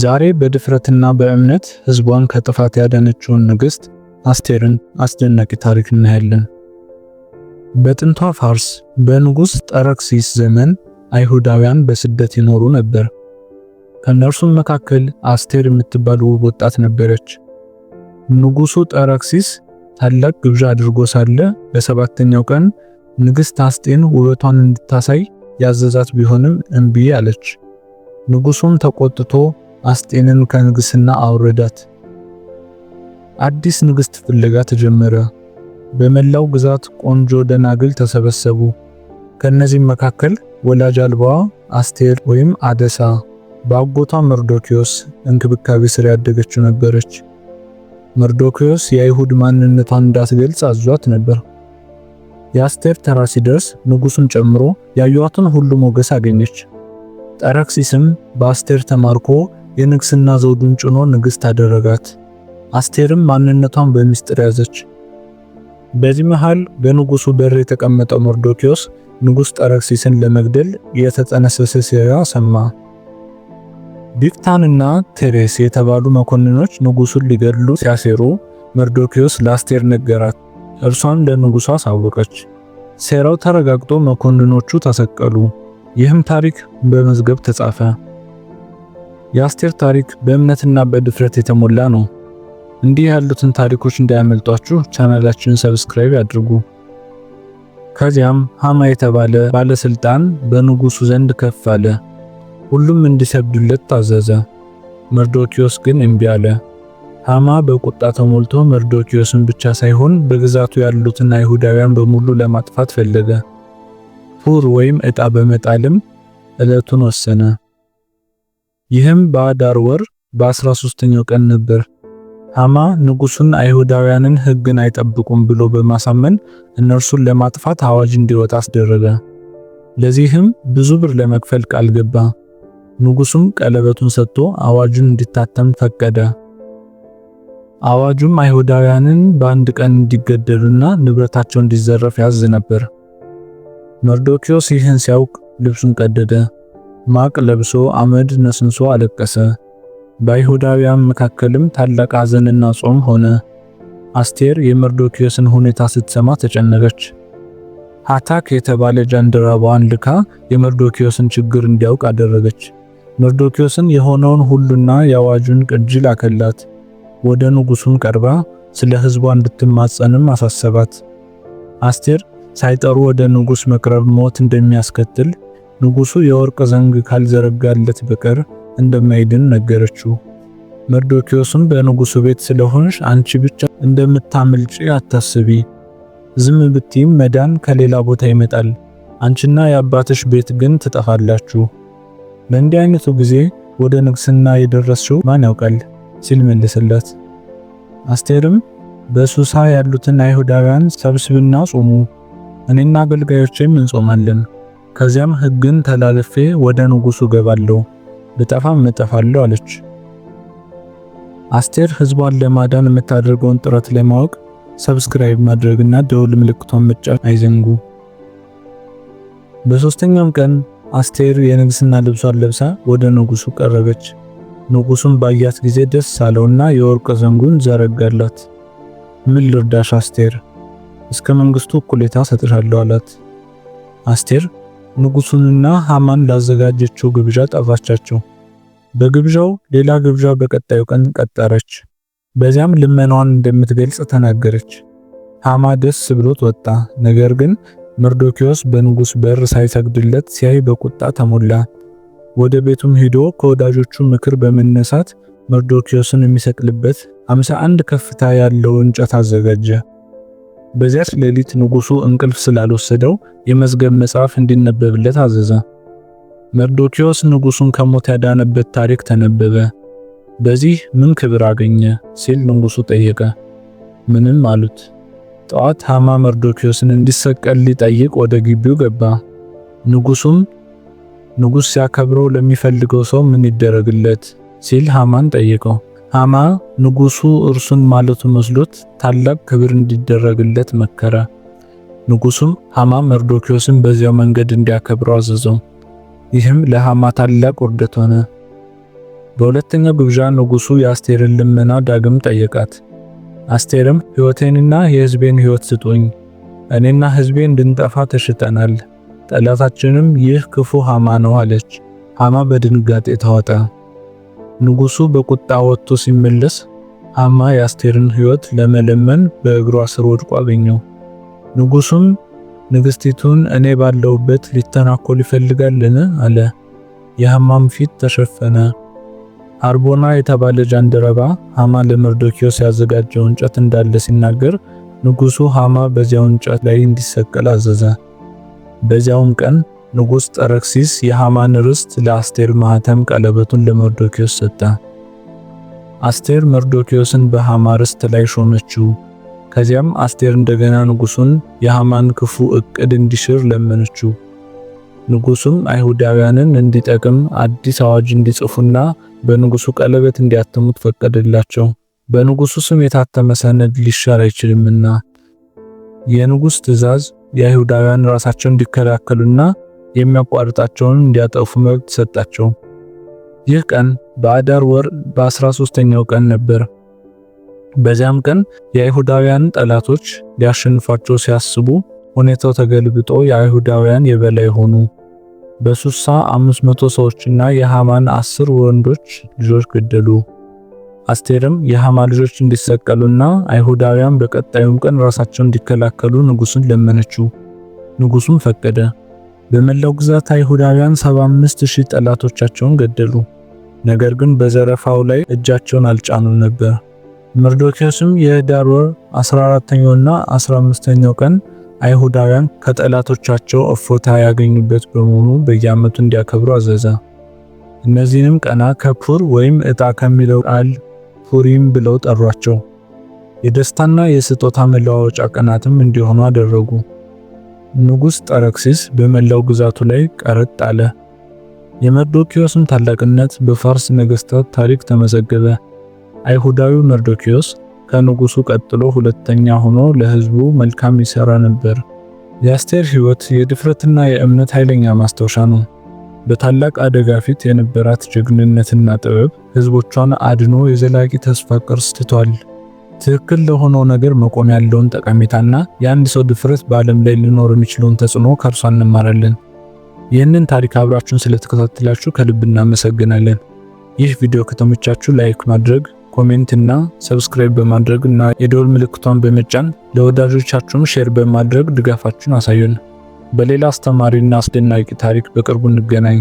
ዛሬ በድፍረትና በእምነት ህዝቧን ከጥፋት ያዳነችውን ንግሥት አስቴርን አስደናቂ ታሪክ እናያለን። በጥንቷ ፋርስ በንጉሥ ጠረክሲስ ዘመን አይሁዳውያን በስደት ይኖሩ ነበር። ከእነርሱም መካከል አስቴር የምትባል ውብ ወጣት ነበረች። ንጉሡ ጠረክሲስ ታላቅ ግብዣ አድርጎ ሳለ በሰባተኛው ቀን ንግሥት አስጤን ውበቷን እንድታሳይ ያዘዛት ቢሆንም እምቢ አለች። ንጉሡም ተቆጥቶ አስጤንን ከንግስና አወረዳት። አዲስ ንግስት ፍለጋ ተጀመረ። በመላው ግዛት ቆንጆ ደናግል ተሰበሰቡ። ከነዚህም መካከል ወላጅ አልባዋ አስቴር ወይም አደሳ በአጎቷ መርዶኪዮስ እንክብካቤ ስር ያደገችው ነበረች። መርዶኪዮስ የአይሁድ ማንነቷን እንዳትገልጽ አዟት ነበር። የአስቴር ተራ ሲደርስ ንጉሱን ጨምሮ ያዩዋትን ሁሉ ሞገስ አገኘች። ጠረክሲስም በአስቴር ተማርኮ የንግስና ዘውዱን ጭኖ ንግስት አደረጋት። አስቴርም ማንነቷን በሚስጥር ያዘች። በዚህ መሃል በንጉሱ በር የተቀመጠው መርዶኪዮስ ንጉሥ ጠረክሲስን ለመግደል የተጠነሰሰ ሴራ ሰማ። ቢፍታንና ቴሬስ የተባሉ መኮንኖች ንጉሱን ሊገድሉ ሲያሴሩ መርዶኪዮስ ለአስቴር ነገራት። እርሷን ለንጉሱ አሳወቀች። ሴራው ተረጋግጦ መኮንኖቹ ተሰቀሉ። ይህም ታሪክ በመዝገብ ተጻፈ። የአስቴር ታሪክ በእምነትና በድፍረት የተሞላ ነው። እንዲህ ያሉትን ታሪኮች እንዳያመልጧችሁ ቻናላችንን ሰብስክራይብ ያድርጉ። ከዚያም ሃማ የተባለ ባለስልጣን በንጉሱ ዘንድ ከፍ አለ። ሁሉም እንዲሰግዱለት ታዘዘ። መርዶኪዮስ ግን እምቢ አለ። ሃማ በቁጣ ተሞልቶ መርዶኪዮስን ብቻ ሳይሆን በግዛቱ ያሉትን አይሁዳውያን በሙሉ ለማጥፋት ፈለገ። ፉር ወይም ዕጣ በመጣልም ዕለቱን ወሰነ። ይህም በአዳር ወር በ13ኛው ቀን ነበር። ሃማ ንጉሱን አይሁዳውያንን ሕግን አይጠብቁም ብሎ በማሳመን እነርሱን ለማጥፋት አዋጅ እንዲወጣ አስደረገ። ለዚህም ብዙ ብር ለመክፈል ቃል ገባ። ንጉሱም ቀለበቱን ሰጥቶ አዋጁን እንዲታተም ፈቀደ። አዋጁም አይሁዳውያንን በአንድ ቀን እንዲገደሉና ንብረታቸው እንዲዘረፍ ያዝ ነበር። መርዶክዮስ ይህን ሲያውቅ ልብሱን ቀደደ። ማቅ ለብሶ አመድ ነስንሶ አለቀሰ። በአይሁዳውያን መካከልም ታላቅ ሐዘንና ጾም ሆነ። አስቴር የመርዶክዮስን ሁኔታ ስትሰማ ተጨነቀች። ሃታክ የተባለ ጃንደረባዋን ልካ የመርዶክዮስን ችግር እንዲያውቅ አደረገች። መርዶክዮስን የሆነውን ሁሉና የአዋጁን ቅጅ ላከላት። ወደ ንጉሱም ቀርባ ስለ ሕዝቧ እንድትማጸንም አሳሰባት። አስቴር ሳይጠሩ ወደ ንጉስ መቅረብ ሞት እንደሚያስከትል ንጉሱ የወርቅ ዘንግ ካልዘረጋለት በቀር እንደማይድን ነገረችው። መርዶኪዮስም በንጉሱ ቤት ስለሆንሽ አንቺ ብቻ እንደምታመልጪ አታስቢ፣ ዝም ብትይም መዳን ከሌላ ቦታ ይመጣል፣ አንቺና የአባትሽ ቤት ግን ትጠፋላችሁ። በእንዲህ አይነቱ ጊዜ ወደ ንግስና የደረስሽው ማን ያውቃል ሲል መለሰላት። አስቴርም በሱሳ ያሉትን አይሁዳውያን ሰብስብና ጾሙ፣ እኔና አገልጋዮቼም እንጾማለን ከዚያም ሕግን ተላልፌ ወደ ንጉሱ ገባለሁ፣ ብጠፋም እጠፋለሁ አለች። አስቴር ህዝቧን ለማዳን የምታደርገውን ጥረት ለማወቅ ሰብስክራይብ ማድረግና ደውል ምልክቷን መጫን አይዘንጉ። በሶስተኛም ቀን አስቴር የንግስና ልብሷን ለብሳ ወደ ንጉሱ ቀረበች። ንጉሱም ባያት ጊዜ ደስ አለውና የወርቅ ዘንጉን ዘረጋላት። ምን ልርዳሽ አስቴር? እስከ መንግስቱ እኩሌታ ሰጥሻለሁ አላት። አስቴር ንጉሱንና ሃማን ላዘጋጀችው ግብዣ ጠራቻቸው። በግብዣው ሌላ ግብዣ በቀጣዩ ቀን ቀጠረች። በዚያም ልመናዋን እንደምትገልጽ ተናገረች። ሃማ ደስ ብሎት ወጣ። ነገር ግን መርዶኪዮስ በንጉስ በር ሳይሰግድለት ሲያይ በቁጣ ተሞላ። ወደ ቤቱም ሂዶ ከወዳጆቹ ምክር በመነሳት መርዶኪዮስን የሚሰቅልበት 51 ከፍታ ያለው እንጨት አዘጋጀ። በዚያች ሌሊት ንጉሱ እንቅልፍ ስላልወሰደው የመዝገብ መጽሐፍ እንዲነበብለት አዘዘ። መርዶኪዮስ ንጉሱን ከሞት ያዳነበት ታሪክ ተነበበ። በዚህ ምን ክብር አገኘ ሲል ንጉሱ ጠየቀ። ምንም አሉት። ጠዋት ሃማ መርዶኪዮስን እንዲሰቀል ሊጠይቅ ወደ ግቢው ገባ። ንጉሱም ንጉስ ሲያከብረው ለሚፈልገው ሰው ምን ይደረግለት ሲል ሃማን ጠየቀው። ሃማ ንጉሱ እርሱን ማለቱ መስሎት ታላቅ ክብር እንዲደረግለት መከረ። ንጉሱም ሃማ መርዶክዮስን በዚያው መንገድ እንዲያከብረው አዘዘው። ይህም ለሃማ ታላቅ ውርደት ሆነ። በሁለተኛ ግብዣ ንጉሱ የአስቴርን ልመና ዳግም ጠየቃት። አስቴርም ሕይወቴንና የሕዝቤን ሕይወት ስጡኝ፣ እኔና ሕዝቤ እንድንጠፋ ተሽጠናል፣ ጠላታችንም ይህ ክፉ ሃማ ነው አለች። ሃማ በድንጋጤ ተዋጠ። ንጉሱ በቁጣ ወጥቶ ሲመለስ ሐማ የአስቴርን ሕይወት ለመለመን በእግሯ ስር ወድቆ አገኘው። ንጉሱም ንግስቲቱን እኔ ባለውበት ሊተናኮል ይፈልጋልን? አለ። የሐማም ፊት ተሸፈነ። አርቦና የተባለ ጃንደረባ ሐማ ለመርዶኪዮስ ያዘጋጀው እንጨት እንዳለ ሲናገር ንጉሱ ሐማ በዚያው እንጨት ላይ እንዲሰቀል አዘዘ። በዚያውም ቀን ንጉሥ ጠረክሲስ የሃማን ርስት ለአስቴር ማህተም ቀለበቱን ለመርዶኪዮስ ሰጠ። አስቴር መርዶኪዮስን በሃማ ርስት ላይ ሾመችው። ከዚያም አስቴር እንደገና ንጉሱን የሃማን ክፉ እቅድ እንዲሽር ለመነችው። ንጉሱም አይሁዳውያንን እንዲጠቅም አዲስ አዋጅ እንዲጽፉና በንጉሱ ቀለበት እንዲያተሙት ፈቀደላቸው። በንጉሱ ስም የታተመ ሰነድ ሊሻር አይችልምና። የንጉስ ትእዛዝ የአይሁዳውያን ራሳቸው እንዲከላከሉና የሚያቋርጣቸውን እንዲያጠፉ መብት ሰጣቸው። ይህ ቀን በአዳር ወር በ13ኛው ቀን ነበር። በዚያም ቀን የአይሁዳውያን ጠላቶች ሊያሸንፏቸው ሲያስቡ ሁኔታው ተገልብጦ የአይሁዳውያን የበላይ ሆኑ። በሱሳ 500 ሰዎችና የሃማን አስር ወንዶች ልጆች ገደሉ። አስቴርም የሃማ ልጆች እንዲሰቀሉና አይሁዳውያን በቀጣዩም ቀን ራሳቸውን እንዲከላከሉ ንጉሱን ለመነችው። ንጉሱም ፈቀደ። በመላው ግዛት አይሁዳውያን 75000 ጠላቶቻቸውን ገደሉ። ነገር ግን በዘረፋው ላይ እጃቸውን አልጫኑም ነበር። መርዶኪዎስም የኅዳር ወር 14ኛውና 15ኛው ቀን አይሁዳውያን ከጠላቶቻቸው እፎታ ያገኙበት በመሆኑ በየዓመቱ እንዲያከብሩ አዘዘ። እነዚህንም ቀና ከፑር ወይም እጣ ከሚለው ቃል ፑሪም ብለው ጠሯቸው። የደስታና የስጦታ መለዋወጫ ቀናትም እንዲሆኑ አደረጉ። ንጉሥ ጠረክሲስ በመላው ግዛቱ ላይ ቀረጥ አለ። የመርዶኪዮስም ታላቅነት በፋርስ ነገሥታት ታሪክ ተመዘገበ። አይሁዳዊው መርዶኪዮስ ከንጉሱ ቀጥሎ ሁለተኛ ሆኖ ለሕዝቡ መልካም ይሰራ ነበር። የአስቴር ሕይወት የድፍረትና የእምነት ኃይለኛ ማስታወሻ ነው። በታላቅ አደጋ ፊት የነበራት ጀግንነትና ጥበብ ሕዝቦቿን አድኖ የዘላቂ ተስፋ ቅርስ ትቷል። ትክክል ለሆነው ነገር መቆም ያለውን ጠቀሜታና የአንድ ሰው ድፍረት በዓለም ላይ ሊኖር የሚችለውን ተጽዕኖ ከእርሷ እንማራለን። ይህንን ታሪክ አብራችሁን ስለተከታተላችሁ ከልብ እናመሰግናለን። ይህ ቪዲዮ ከተመቻችሁ ላይክ ማድረግ፣ ኮሜንት እና ሰብስክራይብ በማድረግ እና የደወል ምልክቷን በመጫን ለወዳጆቻችሁም ሼር በማድረግ ድጋፋችሁን አሳዩን። በሌላ አስተማሪና አስደናቂ ታሪክ በቅርቡ እንገናኝ።